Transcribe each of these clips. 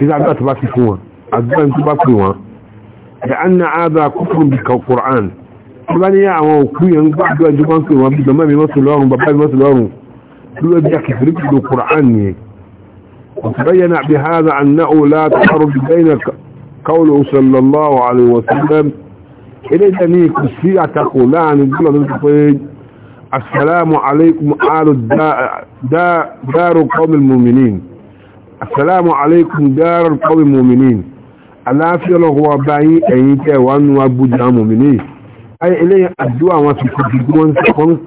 كذا عدوات باكي فوان عدوات باكي وان لأن هذا كفر بالقرآن طبعا يا بعد أجوان كوي وان بدما بمثل لهم بابا بمثل لهم كل أبدا كفر وتبين بهذا أنه لا تحرج بين قوله صلى الله عليه وسلم إليه تنيك السيئة تقول لا نقول السلام عليكم آل دا دا دار قوم المؤمنين السلام عليكم دار القوم المؤمنين aláàfíà ọlọ́run wa bá yín ẹ̀yin tẹ́ wà nù agbójà mọ̀mìnì ayé eléyìn àdúrà wọn ti fi dìgbò wọn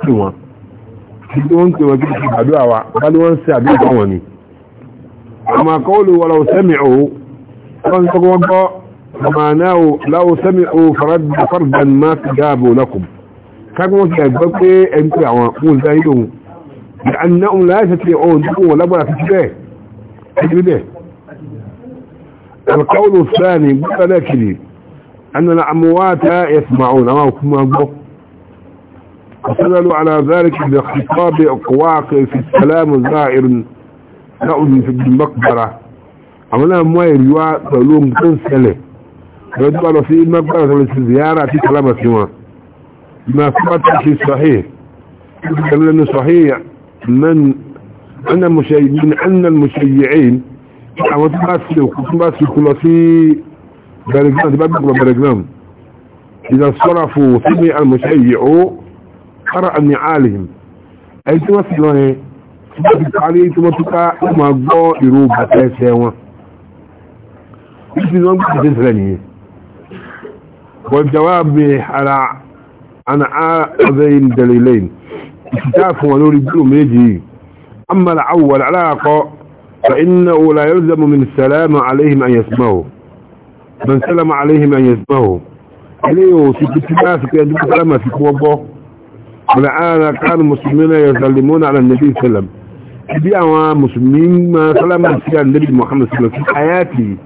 sí wọn sí wọn dìgbò wọn sí wọn kí ti àdúrà wa bá ní wọn sí àdúrà wọn ni ọmọ akọ́wọ́lù wọ́n lọ́wọ́ sẹ́mi ọ̀ wọ́n sọ wọ́n gbọ́ ọmọ náà láwọ́ sẹ́mi ọ̀ faradan má ti dáàbò lọ́kùn kágbọ́n ti أجل إيه؟ القول الثاني لك لكني أن الأموات يسمعون أما كما أقول على ذلك بخطاب أقواق في السلام زائر نأذن في المقبرة أما ما يريوا تلوم تنسلة يدوى لو في المقبرة في الزيارة في كلامة سوا ما فقط شيء صحيح كان صحيح من أن المشيعين أن المشيعين àwọn tí bá fi òkú tí bá fi kú lọ sí bẹ̀rẹ̀gbọ́n tí bá bí kúrò bẹ̀rẹ̀gbọ́n ìdá sọ́ra fò sí ní àmọ̀ṣẹ́ yìí ó kára àmì àlìhìn ẹni tí wọ́n sì lọ yẹn tí wọ́n ti parí tí wọ́n túká ó máa gbọ́ ìró bàtà ẹsẹ̀ wọn ní ti wọ́n gbọ́dọ̀ tẹ́sẹ̀ rẹ̀ nìyẹn wọ́n jawá bí ara àna àbẹ̀yìn dẹ̀lẹ̀lẹ́yìn ìsìtá fún wọn lórí gbúrò méjì yìí أما العول علاقة فإنه لا يلزم من السلام عليهم أن يسمعوا من سلم عليهم أن يسمعوا إليه سكت ماسك أن يكون سلامة في كوبا ولعانا كان المسلمين يسلمون على النبي صلى الله عليه سلم كبيعا مسلمين ما سلم في النبي محمد صلى الله عليه وسلم في حياتي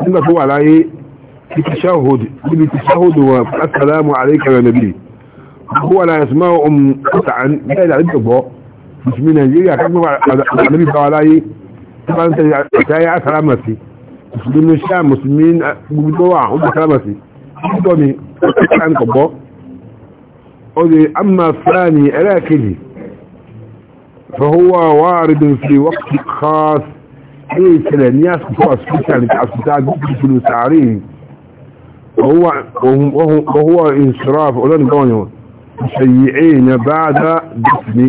عندما هو علي في تشاهد في تشاهد وفي السلام عليك يا نبي هو لا يسمعه أم قطعا لا يعرفه mùsùlùmí nàìjíríà kágbọ́n ànábì bá wa láyé tó bá ń tẹ̀lé àtàyà àsàlámà sí mùsùlùmí ṣáà mùsùlùmí gbogbo tó wà ó bí àsàlámà sí púpọ̀ ni ọ̀kan kò bọ́ ó lè amma fúlàní ẹlẹ́ẹ̀kejì fọwọ́ wáàrídùn fi wọ́pì kọ́s ilé ìṣẹ̀lẹ̀ ní àsìkò hospital àsìkò agbègbè sàárè وهو انصراف أولان قوانيون مسيئين بعد دفنه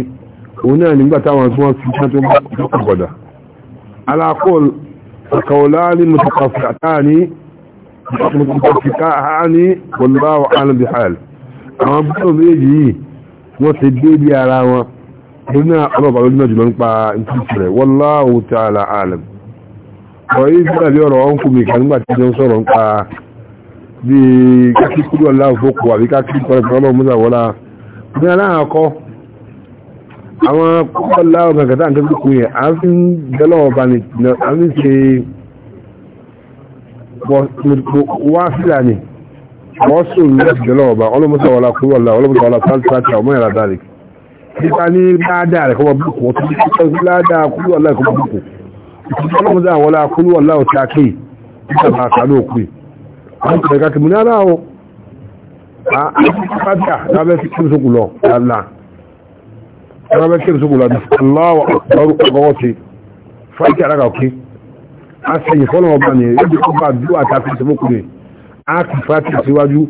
òun náà nígbà táwọn tí wọ́n fi ṣáàtún gbọ́dà alákọ́l àkàọ̀lá ní mọ̀tàkàfàtàní mọ̀tàkàfàtàní wọlbáwà alìbìhàl àwọn bọ́ọ̀ méjì yìí wọ́n ti dé bí ara wọn torí náà ọlọ́bà lójú náà jùlọ ń pa ìtìsìrẹ̀ wallahu ta'ala alam ọ̀rọ̀ yìí sílẹ̀ bí ọ̀rọ̀ ọ̀hún àwọn kọ́kọ́lá ọmọ ìgbàtà àti ọdúnkù yẹn a fi ń bẹ́lọ̀ ọba ní a fi ń ṣe wá sílà ní wọ́n sì ń lọ́pù bẹ́lọ̀ ọba ọlọ́mọsọ wọlá kúrò ọlá ọlọ́mọsọ wọlá pàtàkì ọmọ ìrà dalek nípa ní ládàá rẹ̀ kọ́mọ búkù wọ́n tún tún ládàá kúrò ọlá ìkọ́mọ búkù ọlọ́mọsọ wọlá kúrò ọlá òtí aké nígbà àkàlù òkú àwọn ìgbà kàkì mú ní aláwọ̀ ẹ̀rọ bẹ́ kéré sókòlá ní aláwọ̀ ọ̀rọ̀ ọgọ́wọ́ ti fáìkì ara kàkí a sì yìí fọ́nà ọba ní ẹgbẹ́ ọba àdúrà àtàkì ìṣẹ́mọ́kùnrin a sì fáìkì síwájú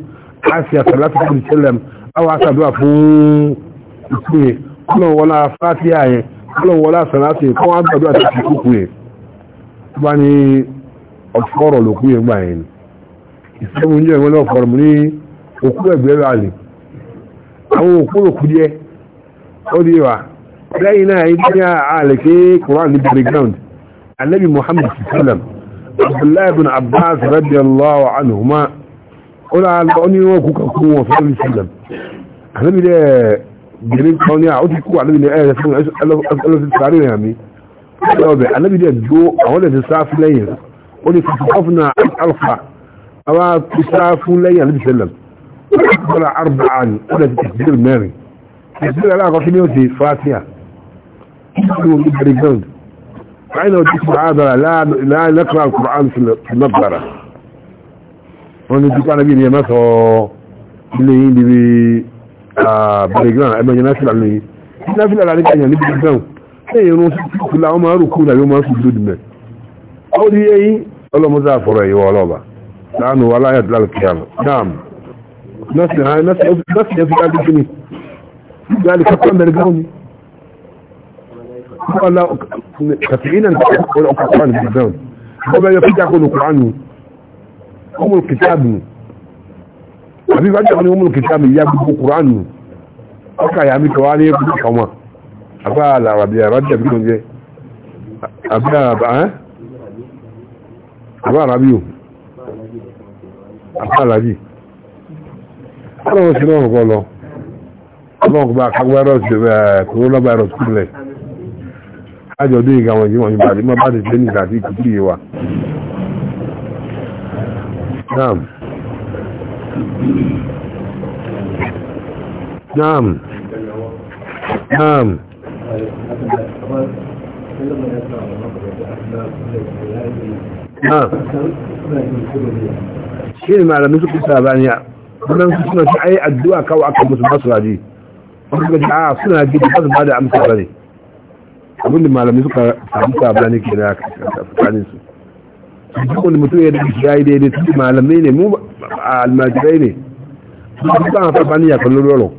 a sì àtàlátì fún ìṣẹ́lẹ̀m àwọn aṣàdúrà fún ìpínlẹ̀ kọ́nà wọlá fáìkì ààyẹn kọ́nà wọlá sàlátì kọ́n àgbàdúrà àtàkì ìṣẹ́mọ́kùnrin bá ní ọ̀fọ́rọ̀ lókú yẹn gbà yẹn ìṣẹ́mú ní ẹ̀wọ́n náà fọ́rọ̀ mú ní òkú ẹ̀gbẹ́ rà lè àwọn òkú lòkú díẹ̀ ó di wa lẹ́yìn náà yìí ní ààlẹ̀ kí Quran ní background annabi Muhammad sallam abdullahi bin abbas radiyallahu anhuma ó náà lọ ní wọ́n kú kan kún wọn sallam sallam annabi dẹ̀ gẹ̀rẹ́ kan ní àwọn ti kú annabi ní ẹ̀rẹ́ fún ẹlọ́sí sáré rẹ̀ mi lọ́bẹ̀ annabi dẹ̀ gbó àwọn dẹ̀ ti sáfú lẹ́yìn ìsìnkú aláàkọ́ kí ní ó ti fàtíà ìsìnkú omi gari ground aina ojú ti ma'adara láàrínkọ́ al-Qur'an sinabara wọ́n ni dúkọ́ anábí ni ya mẹ́sọ̀ ilé yìí níbi gari ground ẹgbẹ́ yẹn náfíà lè yìí náfíà lára nípa yẹn níbi ground ṣe yẹn rún sí kula ọmọ arúkú nàbí ọmọ arúkú dúdú mẹ́ ó rí èyí ọlọ́mọdé àfọ̀rọ̀ ìwọ ọlọ́ba يبقى لي فتوى مرجعوني قال لا كافئين انت تقول القرآن بالذات هو يفتح يقول القرآن هم الكتاب حبيب أجل يقول هم الكتاب يقول القرآن أكا يا عمي توالي يقول الحما أبا لا ربي رجع بيهم جي أبا أبا أبا ربيهم أبا ربي أبا ربي أبا ربي ọlọ́run bá kagbárọ̀ kòrónà virus kúrẹ̀ eh, ajọ́ dé ìgbà wọ̀nyí wọ̀nyí bàdí má bá ti tẹ́ ní ìdàtí ìkùtù yìí wa naam naam naam naam shi ne malamin su kusa baniya wannan su suna shi ai addu'a kawo aka musu basu raji wani gaji a ah, suna gidi ba su ba da amsa ba ne abinda malamai suka samu sabani ke da tsakanin su duk wani mutum ya dace ya yi daidai tun malamai ne mu a almajirai ne su su ba a sabani ya kallon roro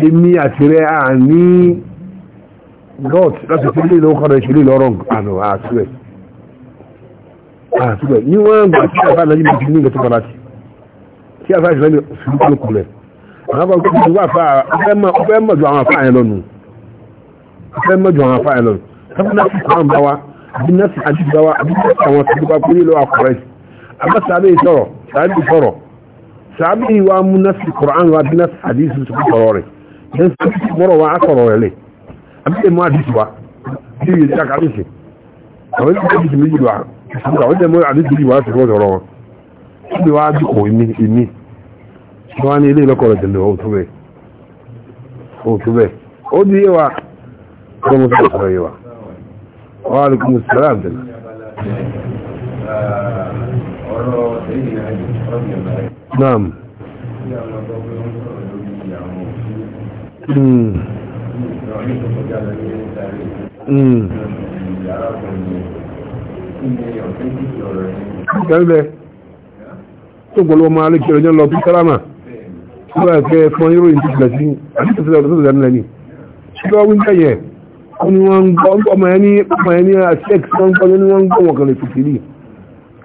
in ni a tire a ni god láti fi lè lọ́kọ̀ rẹ̀ ṣe lè lọ́rọ̀ àná àtúwẹ̀ àtúwẹ̀ ni wọ́n gbà tí a bá lọ́yìn bí ní ìgbà tó bá láti tí a bá ṣe lọ́yìn sí lókùnrin àwọn akọ̀ tó wà fà ọ̀fẹ́ mọ̀jọ àwọn afá yẹn lọ́nu ọ̀fẹ́ mọ̀jọ àwọn afá yẹn lọ́nu sábà náà fún àwọn báwa àbí náà fún àti báwa àbí náà fún àwọn tó bá kú nílò àkọrẹ́ àbá sàbí sọ̀rọ̀ sàbí sọ̀rọ̀ sàbí wa mú náà sí kọ̀rán wa bí náà sàbí sùn sùn sọ̀rọ̀ rẹ̀ yẹn sàbí sùn mọ̀rọ̀ wa akọ̀rọ̀ rẹ̀ wọ́n ní ilé ìlọ́kọ̀ rẹ̀ tẹ̀lé ọ̀tún bẹ́ẹ̀ ọ̀tún bẹ́ẹ̀ ó di yíwa kọ́ mú sí ọ̀rọ̀ yíwa wọ́n rí kún sí ọ̀rọ̀ àbẹ̀lẹ̀ naam Mm. Mm. Kẹ́lẹ̀ tó hmm. gbọ́lọ́wọ́ máa lè kí ọjọ́ lọ bí sálámà wọ́n yà fẹ́ fún ìròyìn tó tilẹ̀ sí àti tó tilẹ̀ tó tilẹ̀ ní ṣíkọ́ wíńkà yẹ wọ́n ni wọ́n gbọ́ ọmọ ẹni ọmọ ẹni àṣẹ́k tó ń gbọ́ ní wọ́n gbọ́ wọn kan lè fìfì rí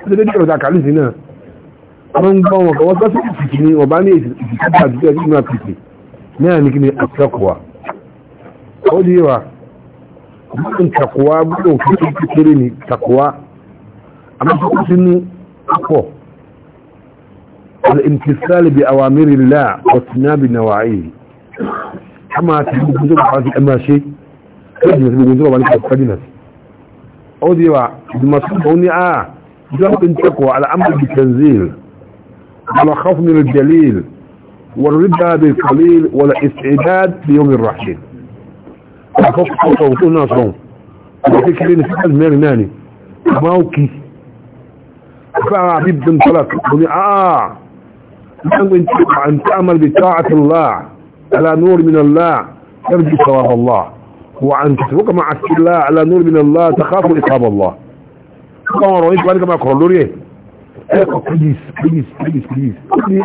ṣe dédé ọ̀dà kàlùsì náà wọ́n ń gbọ́ wọn kan wọ́n tọ́sí ìfìkì ni ọ̀bá ní ìfìkì àti tó ẹ̀kí máa fìkì náà ní kí ni àtẹ́kùwà ó di wa bóun tàkùwà bóun fi kékeré ni tàkùwà àmọ́ tó kú sínú pọ̀ الامتثال بأوامر الله واتناب نواعيه كما تحب جزء حاسي أما شيء تجلس بجزء وعليك تجلس أودي المسؤول هوني آه جهد ان تقوى على أمر بالتنزيل على خوف من الجليل والربا بالقليل والاستعداد ليوم الرحيل فوق صوتون ناصرون وفكرين فكر ميرناني موكي فعبيب بن طلق وني آه أن تعمل بطاعة الله على نور من الله ترجو ثواب الله وأن تترك مع الله على نور من الله تخاف إصاب الله كما رأيت بارك ما أقول لوري بليز بليز بليز بليز بليز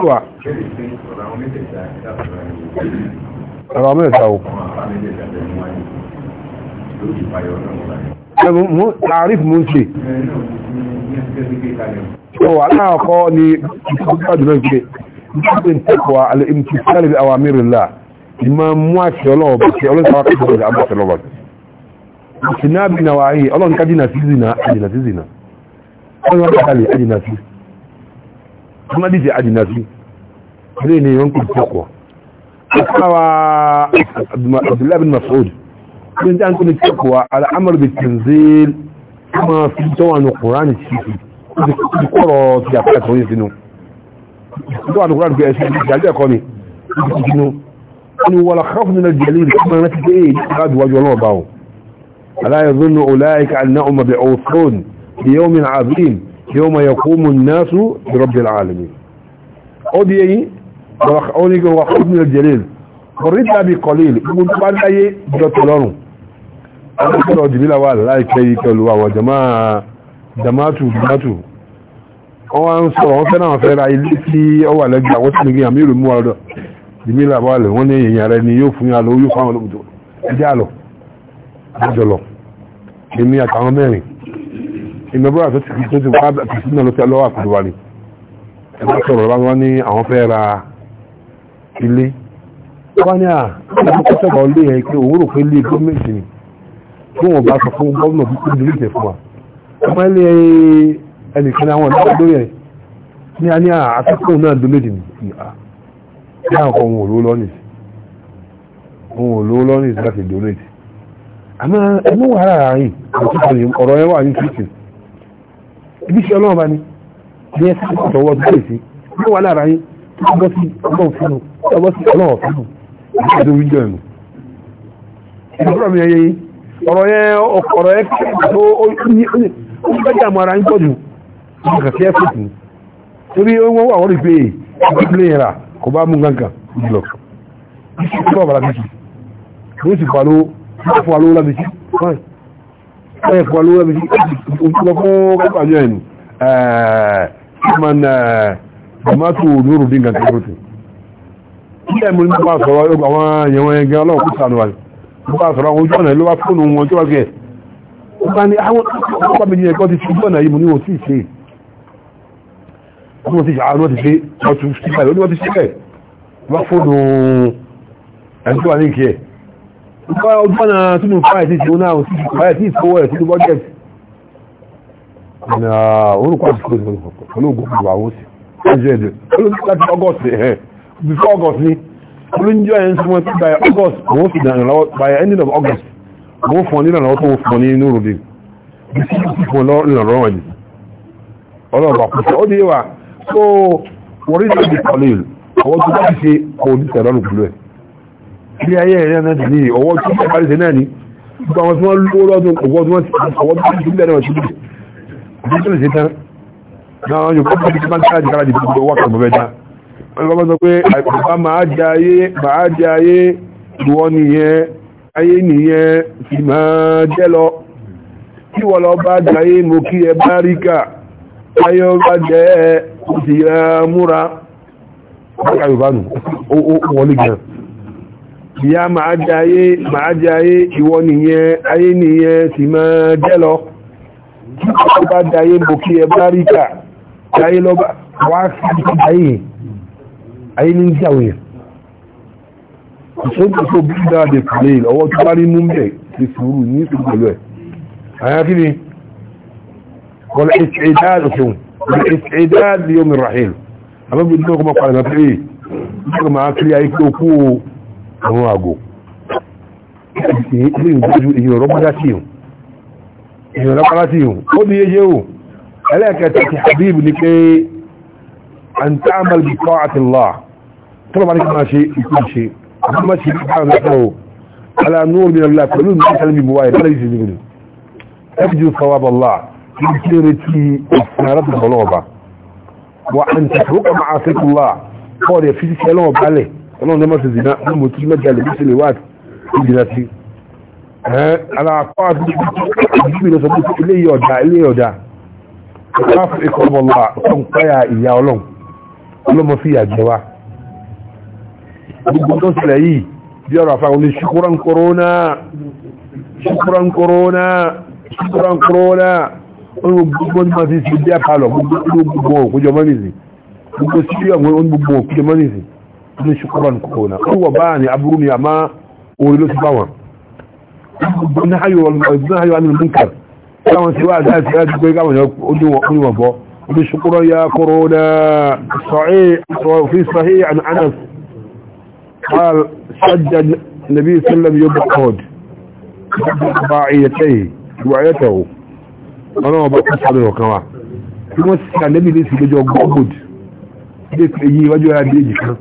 رامي تاو إيه، تعريف منشي إيه، نعم. هو على أقاني بسرعة جهد التقوى الامتثال بأوامر الله لما مواشي الله بكي الله سواء كتبه لأبو صلى الله اجتناب نواعيه الله كدنا في زنا أجنا في زنا الله كالي أجنا في ما ديجي أجنا في هذين ينقل التقوى أتقوى عبد الله بن مسعود كنت أنكم التقوى على أمر بالتنزيل كما في توان القرآن الشيخي كنت أقرأ تجاه حياته tó wà ní kúrò àdúgbò ẹ̀sìn ìdájọ́ ẹ̀kọ́ ni ìdíjìnú ni wọ́n la káfù nínú jẹ́lì kọ́mọ náà ti dé èyí láti wájú ọlọ́ọ̀bá o aláyẹ̀ zónú ọláyíká àná ọmọ bẹ̀ ọ̀fọ́n bí yóò min azim yóò ma yẹ kó mun násu ìrọ̀bẹ̀ alami ó di èyí ó ní wà láìpẹ́ yìí pẹ̀lú àwọn jamaatu jamaatu wọ́n wá ń sọ̀rọ̀ wọ́n fẹ́ràn àwọn fẹ́ra ilé tí ó wà lẹ́gbẹ̀ẹ́ àwọn tí nìgbìyàn mí ò lè mú ọ̀rọ̀ jìmílà wà lẹ̀ wọ́n ní èèyàn rẹ ni yóò fún yà lọ yóò fún àwọn olóòjò ẹjẹ́ àlọ́ àjọ lọ èmi àtàwọn mẹ́rin ìmọ̀bọ́ra tó ti tó ti wá àtìsí náà ló fẹ́ lọ́wọ́ àkùdù wa ni ẹ̀bá sọ̀rọ̀ bá wọ́n ní àwọn fẹ́ ra ilé wọ́n ní àkọ́sọ̀bọ̀ lé ẹ̀ ẹnìkan àwọn ọ̀dọ́ lórí ẹ̀ ní a ní àtúkò náà dúmédì ìhà ní àkọ́ ohun òlò lọ́nìs ohun òlò lọ́nìs láti donate àmọ́ ẹmú wà ara yìí àtúkò ní ọ̀rọ̀ ẹ wà ní kìrìtì ibi ṣe ọlọ́ọ̀bá ni ní ẹ sábà tọwọ́ tó lè sí ní wà lára yìí tó bọ́ sí ọlọ́ọ̀ fún un tó bọ́ sí ọlọ́ọ̀ fún un ní ọdún wíjọ ẹ̀nu ìdúrà mi ẹyẹ yìí ọ̀rọ̀ yẹn ọ̀rọ̀ yẹn kí ó ní ó ní ó ní ó ní wọ́n kà kẹ́ fòfin torí wọ́n wà wọ́n rí pé ìgbàgbé yẹn rà kò bá mú gangan lọ kọ́ bàrà bìtì wọ́n sì fà lówó wọ́n fà lówó lábìtì wọ́n yẹ fà lówó lábìtì wọ́n fún kọ́kọ́ àjọ ẹ̀nu ẹ̀ẹ́dẹ́gbẹ̀mọ́ tomato lóru dín gangan lóru ilé ẹ̀mú ní bá sọ̀rọ̀ yóò àwọn èèyàn ẹgbẹ́ ọlọ́run kú sànù wáyé ní bá sọ̀rọ̀ àwọn ojú ọ̀nà ló wá wọ́n ti ṣàánú ti ṣe ọtún sípẹ̀ lórí wọ́n ti sípẹ̀ wọ́n fóònù ẹni tó wà ní ìkẹ́ ẹ̀ ọdún ọ̀nà sínú fáyẹ̀ tí ìṣòwò náà sí fáyẹ̀ tí ìṣòwò ẹ̀ sínú bọ́jẹ̀tì ọ̀nà orúkọ àsìkò olóògùn ìwà owó sí ọjọ́ ẹ̀dẹ̀ olóògùn láti august ẹ̀ before august ni olóńjọ́ ẹ̀ ń sọ wọn by august wọ́n fi dànù lọ́wọ́ by ending of august wọ́n fún ọ ní ìrànlọ́wọ́ tó wọ́n fún ọ ní inú ròdì bí sí ìfún ọ lọ́rọ̀ ìrànlọ́wọ́ ẹ̀ ọlọ́ọ̀bà kò sí ó dé wà so wọ́n rí ní ìdí kọlíl ọwọ́ tó bá ti ṣe kò ní sẹ̀rọ̀nù pẹ̀lú ẹ̀ ní ayé ẹ̀rẹ́ náà ti ní ọwọ́ tó bá ti ṣe náà ní gbogbo àwọn tí wọ́n lówó lọ́dún ọwọ́ tó bá ti ṣe bẹ̀rẹ̀ wọn ti bẹ̀rẹ̀ ìdí tó lè ṣe tán náà yóò kọ́ bí wọ́n ti kára di gbogbo máa jẹ ayé ìwọ nìyẹn ayé nìyẹn ti máa jẹ́ lọ kí wọ́n lọ bá jẹ ayé mo kí ẹ bá ríkà ayé ó bá jẹ́ ó ti múra ọ̀gá yorùbá nù ó wọlé gan ìyá máa jẹ ayé máa jẹ ayé ìwọ nìyẹn ayé nìyẹn sì máa jẹ́ lọ kí ọ bá dáyé mo kí ẹ bá rí kà dáyé lọ bá wá sí ayé ayé ní ìjàwó yẹn ìṣẹ́jú tó bí dáadé kùlé ọwọ́ tó bá rí mú mẹ́ ti sùúrù ní ìsìnkú pẹ̀lú ẹ̀ àyàkí ni kọlẹ̀ ìṣẹ́ ìdáàdọ̀ ṣeun الاستعداد ليوم الرحيل اما بدونكم اقول لك ايه بدونكم اكلي اي كوكو àwọn àgò èyàn rọ́pàá sí ìhùn ó ní yéyé ò ẹlẹ́ẹ̀kẹta ti habib ní pé an ta'amal bi ta'atillah tọ́lọ̀ bá ní kí máa ṣe ìpín ṣe àwọn máa ṣe ìpín àwọn ẹ̀kọ́ ala nur min Allah يجيرتي إسنارة الغلوبة وأن تحرق معاصيك الله قول يفيد كلام بالي الله نما في الزنا المتي مجال بس الواد جناتي ها على قاعد يجيب له سبوت إليه يودع إليه يودع خاف إكرام الله كم قيا إياه ولهم ولهم ما فيها جوا بقولون سلاي جرى فاولي شكرا كورونا شكرا كورونا شكرا كورونا gbogbo ní ma fi fi bí apalọ gbogbo òkújọ mọ́nìsì gbogbo sí àwọn onígbogbo òkújọ mọ́nìsì ní ṣùkọ́bà kòkòrò ó wọ̀ báyà ní aburú ni àmá orí ló ti bá wọn gbogbo ní ayò alìlú munkar láwọn ti wá àdáyà ti rájú pé káwọn oníwọ̀n bọ́ ní ṣùkúrọ̀ ya kọrọ̀ na sahih قال سجد النبي صلى الله عليه وسلم يبقى قد بعيته وعيته ọlọ́run ọba kọ́ sábẹ́ ọ̀kan wa tí wọ́n ti àlẹ́bí lè sí lójọ gọ́gùd ilé èyí iwájú ara bí èjì kan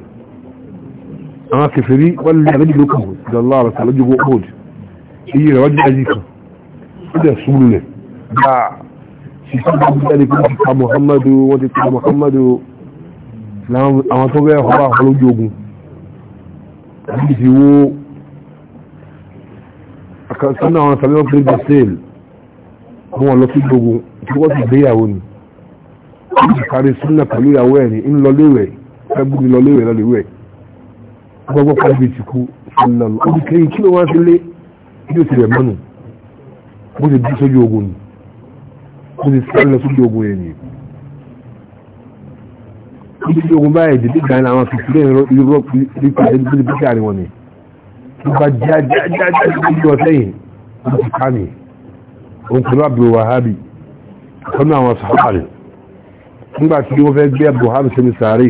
àwọn kẹfẹ́rí wọ́n lè àlẹ́bí ló kù ìdọ̀lá ọ̀rọ̀ sí lójú gọ́gùd èyí rẹ̀ wájú ara yìí kan ó dẹ̀ súnmù lẹ̀ bá ṣiṣẹ́ gbogbo ẹni pé wọ́n ti pa Muhammadu wọ́n ti Muhammadu àwọn tó bẹ́ẹ̀ họ́ àwọn lójú ogun àbí ìdíwó àkàtúntà àwọn sàbẹ̀wọ̀n pé bẹ́ẹ̀ mú wọn lọ sí gbogbo tí wọ́n sì gbéyàwó ni wọ́n sì kárí súnà pẹ̀lú ìyàwó ẹ̀ ní ńlọléwẹ̀ fẹ́gbù ní lọléwẹ̀ lọléwẹ̀ gbogbo kárí ti kú súnà lọ ó ti kẹ́yìn kí ló wá sí lé kí ó ti rẹ̀ mọ́nu bó ti dí sójú ogun ni bó ti sáré lọ sójú ogun yẹn ni ó ti di ogun báyìí dìde gan àwọn fìfì lẹ́yìn irọ́ nípa ẹni bí bí àárín wọn ni ló bá jájájájá lójú ọ̀sẹ̀ yìí ó ti ká nìyí òǹkùnrin Abdul Wahabi ọ̀nà àwọn sàárì nígbà tí wọ́n fẹ́ gbé Abdul Wahabi sẹ́mi sàárì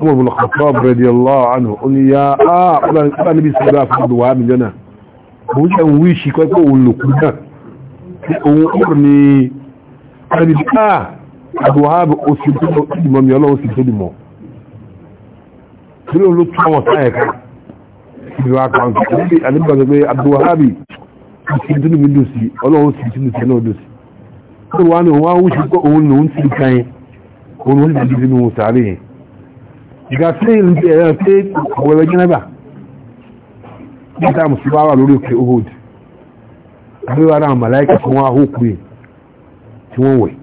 Umar bin Khattab radiyallahu anhu ó ní ya áà ah, ọlá níbi sàárì àfún Abdul Wahabi jọ́nà òun jẹ́ òun wíṣì kọ́kọ́ òun lòkú náà òun ọ̀rọ̀ ni ọ̀rẹ́bí áà ah, Abdul Wahabi ó sì tó dìmọ̀ mi ọlọ́run sì kìí tó níbi dòsì ọlọ́run sì sínú tẹ́ náà dòsì ó wà ní òun àwùjọ pé òun lòun ti kan yẹn òun lòun ti di sínú sàárè yẹn ìgbà tí èyí ti ẹ̀rọ pé ọ̀wẹ̀wẹ̀ jẹ́nẹ́bà ní táà mùsùlùmí wà lórí òkè ohod àbúrò ara àwọn màláìkà tí wọ́n ahókù yẹn tí wọ́n wẹ̀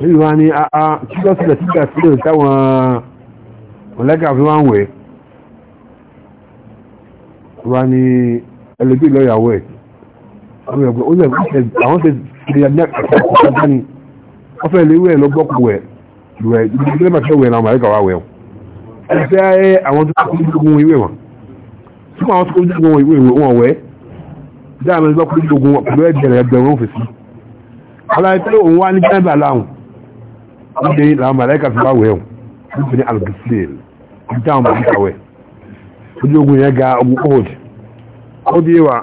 lórí wa ni a kí lọ́sílẹ̀ sígbà sílẹ̀ táwọn màláìkà fi wọ́n wẹ̀ wá ní ẹlẹ́gbẹ́ lọ́yàwó ẹ̀ àwọn ṣe ṣe ya ní àkọ́kọ́ dání wọ́n fẹ́ léwé ẹ̀ lọ́gbọ́kù wẹ̀ wẹ̀ ìdílé màkì wẹ̀ náà màríkà wà wẹ̀ o ẹ̀fẹ́ ayé àwọn tó kọ́ ìdógún ìwé wọn tí wọ́n tó kọ́ ìdógún ìwé wọn wẹ̀ dáàmì ìgbà kọ́ ìdógún wọn pẹ̀lú ẹgbẹ̀rẹ̀ ẹgbẹ̀rún òfìsí aláyé pé òun wá ní jẹ́nbà láhùn wọ́n dé làwọn màríkà fi wá wẹ̀ o wọ́n fi ní alùpùpù ojú ogun yẹn ga ogun kọ́wọ́dì ó dí wà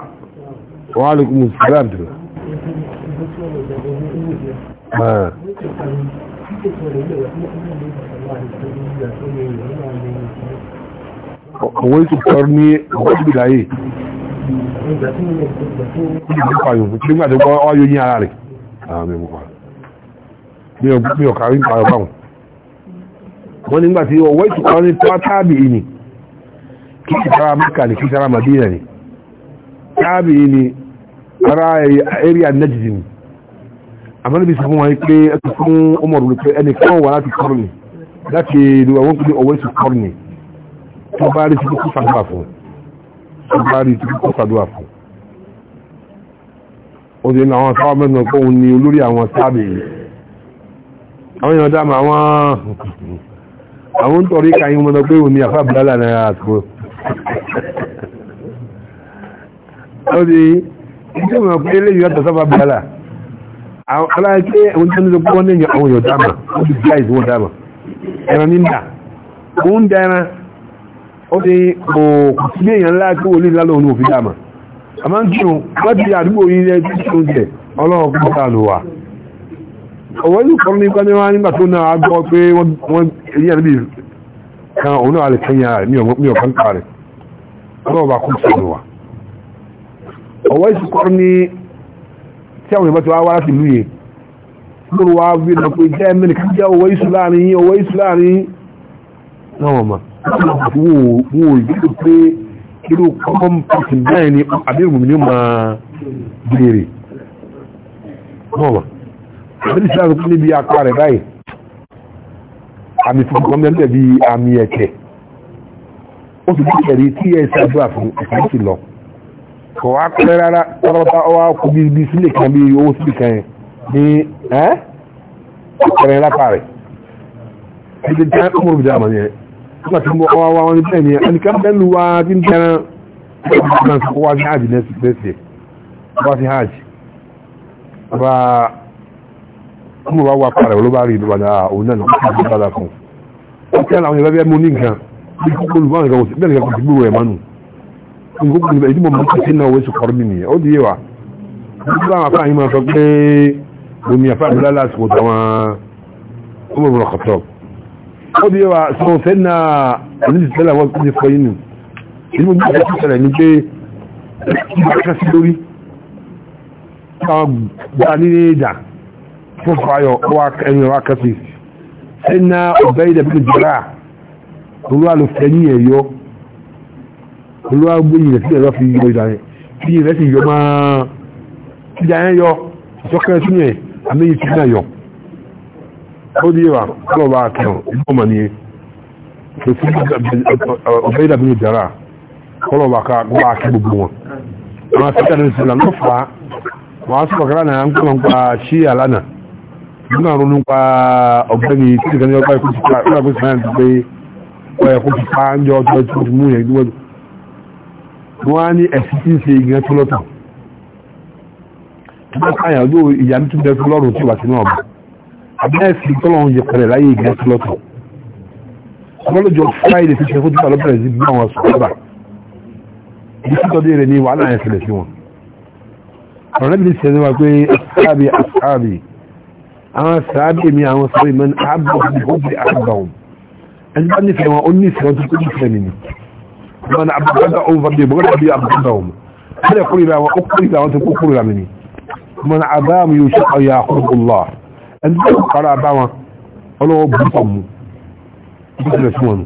wà lókùn mùsùlùmí dùn ọ̀wọ́ ètò kọrọ ní ọgbọ́dì láyé nígbà tó kọ́ ọyọ yí ara rẹ̀ mi ò kàrí pàrọ̀ báwọn wọ́n nígbà tí ọwọ́ ètò kọrọ ní pátábì ìní kí sára maka ne kí sára madina ne tábìí ni ara area najdi ni àmọ́ níbi sọ fún wọn pé ẹkùn fún ọmọrù pé ẹni kan wà láti kọrù ni láti ìlú àwọn kúrò ọwọ́ ìsù kọrù ni tó bá rí síkú sàdúwà fún tó bá rí síkú sàdúwà fún ó dé ní àwọn sáwọ́ mẹ́rin ọkọ̀ òun ni olórí àwọn tábìí àwọn èèyàn dáàmà àwọn àwọn ń tọrí káyín mọ́nà pé òun ni àfáàbùdálà náà àtúkọ́ ọdí ìjọ mọ̀ pé lè yọ́ tọ́sọ́bà bẹ́ẹ̀lá aláàké ohun tó ní sọ pọ́wọ́n ní àwọn yóò dáma ó ti bí àìsí wọ́n dáma ẹran ní dà òun dá ẹran ó ti kò sí bí èèyàn ńlá tó wọlé lálọ́ òun òfin dáma a máa ń kí òun wọ́n ti àdúgbò yìí rẹ̀ tí ó jẹ ọlọ́run kó sáà lò wà ọwọ́ ìlú kan ní kwani wá nígbà tó ọlọ́ọ̀bà kún sọ̀rọ̀ wa ọwọ́ ìsìnkọ́ ní tí àwọn ìbátí wá wá láti lú yẹ lórí wá bí i lọ́pẹ́ jẹ́ mẹ́rin kí jẹ́ ọwọ́ ìsù láàrin ọwọ́ ìsù láàrin náà mà wọ́n ò yí pé irú kọ́kọ́m pàtì bẹ́ẹ̀ ni àbẹ́rù mi ní máa béèrè náà mà àbẹ́rù sí láti kún níbi apá rẹ̀ báyìí àmì tuntun kan mẹ́rin tẹ̀bi àmì ẹ̀kẹ́ ó ti bí ẹ̀rí tí ẹ ṣàdúrà fún ìpàdé ti lọ kò wá pẹ́ rárá pátápátá ó wá kú bí sílẹ̀ kan bí owó sílẹ̀ kan ní ọ̀pẹ̀rẹ̀ lápá rẹ̀ ẹgbẹ́ tí wọ́n mú bìjà àmà yẹn nígbà tí wọ́n wá wọn bẹ́ẹ̀ ni ẹnìkan bẹ́ẹ̀ lu wa ti ń tẹ́ran ọ̀pẹ̀rẹ̀ náà wá sí hajj lẹ́sẹ̀ wá sí hajj ọba ọmọ wa wá parẹ̀ olóbárí ìdúbàdà ah, òun náà lọ́kùnrin ìdúbàdà fún ọ̀pẹ̀rẹ̀ làwọn ìbẹ́bẹ́ mú ní nǹkan bẹ́ẹ̀ kò gbogbo ẹ̀ mánu gbogbo ẹ̀ ìdí mọ̀ mọ́ kí náà wẹ́sù kọ́rọ́ mi nìyẹn ó di yé wa gbogbo àwọn afáà yìí máa sọ pé omi afáà ìlú lásìkò táwọn ọmọ ìrọ̀ kọ̀tọ̀ ó di yé wa sọ fẹ́ náà oníṣẹ́ tẹ́lẹ̀ olúwa ló fẹ́ ní ẹ̀yọ́ olúwa gbé ìrẹ̀ sí ẹ̀rọ fi yọ ìdàrẹ̀ tí ìrẹ̀ sì yọ máa ìjà yẹn yọ ìtọ́kẹ́rẹ́ sínú ẹ̀ àmẹ́yìn sí náà yọ ó di ìwà ọlọ́ba akẹ́hàn ìlú ọmọ ni kò sí ọ̀bẹ́ ìdàbí ní ìjàrà ọlọ́ba akẹ́gbà akẹ́ gbogbo wọn àwọn afẹ́kẹ́ ní ìsìnlẹ̀ ló fà á wọ́n á sọ̀rọ̀ kẹ́lá náà ń gbọ́n pa sí àlánà nígbà ronú pa ọ̀gbẹ́ni tí ìgbẹ́ni ọgbà ikú ti pa ìgbà ọ̀yẹ̀ kò fi pa ń jọ ọjọ́ tí wọ́n mú yẹn gbọ́dọ̀ wọ́n á ní ẹ̀sìn tí ń ṣe ìgbẹ́ tó lọ́tọ̀ tó bá káyà ló ìyá tó bẹ fún lọ́rùn tí wà sínú ọ̀bà àbẹ́ ẹ̀sìn tọ́lọ́run yẹ pẹ̀lẹ̀ láyé ìgbẹ́ tó lọ́tọ̀ ọlọ́jọ́ friday ti ṣe kó dúpọ̀ lọ́bẹ̀rẹ̀ sí bí àwọn sọ̀rọ̀bà bí sítọ́dé rẹ̀ ní wàhálà yẹn ṣẹlẹ̀ sí wọn ọ̀rẹ́ mi ṣe wá pé asáàbì asáàbì àwọn sáàbì mi àwọn sọ̀rọ̀ ìmọ̀ ní àbọ̀ ẹni bá nífẹ̀ẹ́ wọn ó nífẹ̀ẹ́ wọn tó tó nífẹ̀ẹ́ nìyí wọn àbúgbàdà òun fàbí bọ́gàdà bí àbúgbàdà òun kọ́lẹ̀ kórìíra wọn ó kórìíra wọn tó kó kórìíra mi ni wọn àbámu yóò ṣe ọ̀yà àkọ́kọ́lá ẹni bá wọn ọlọ́wọ́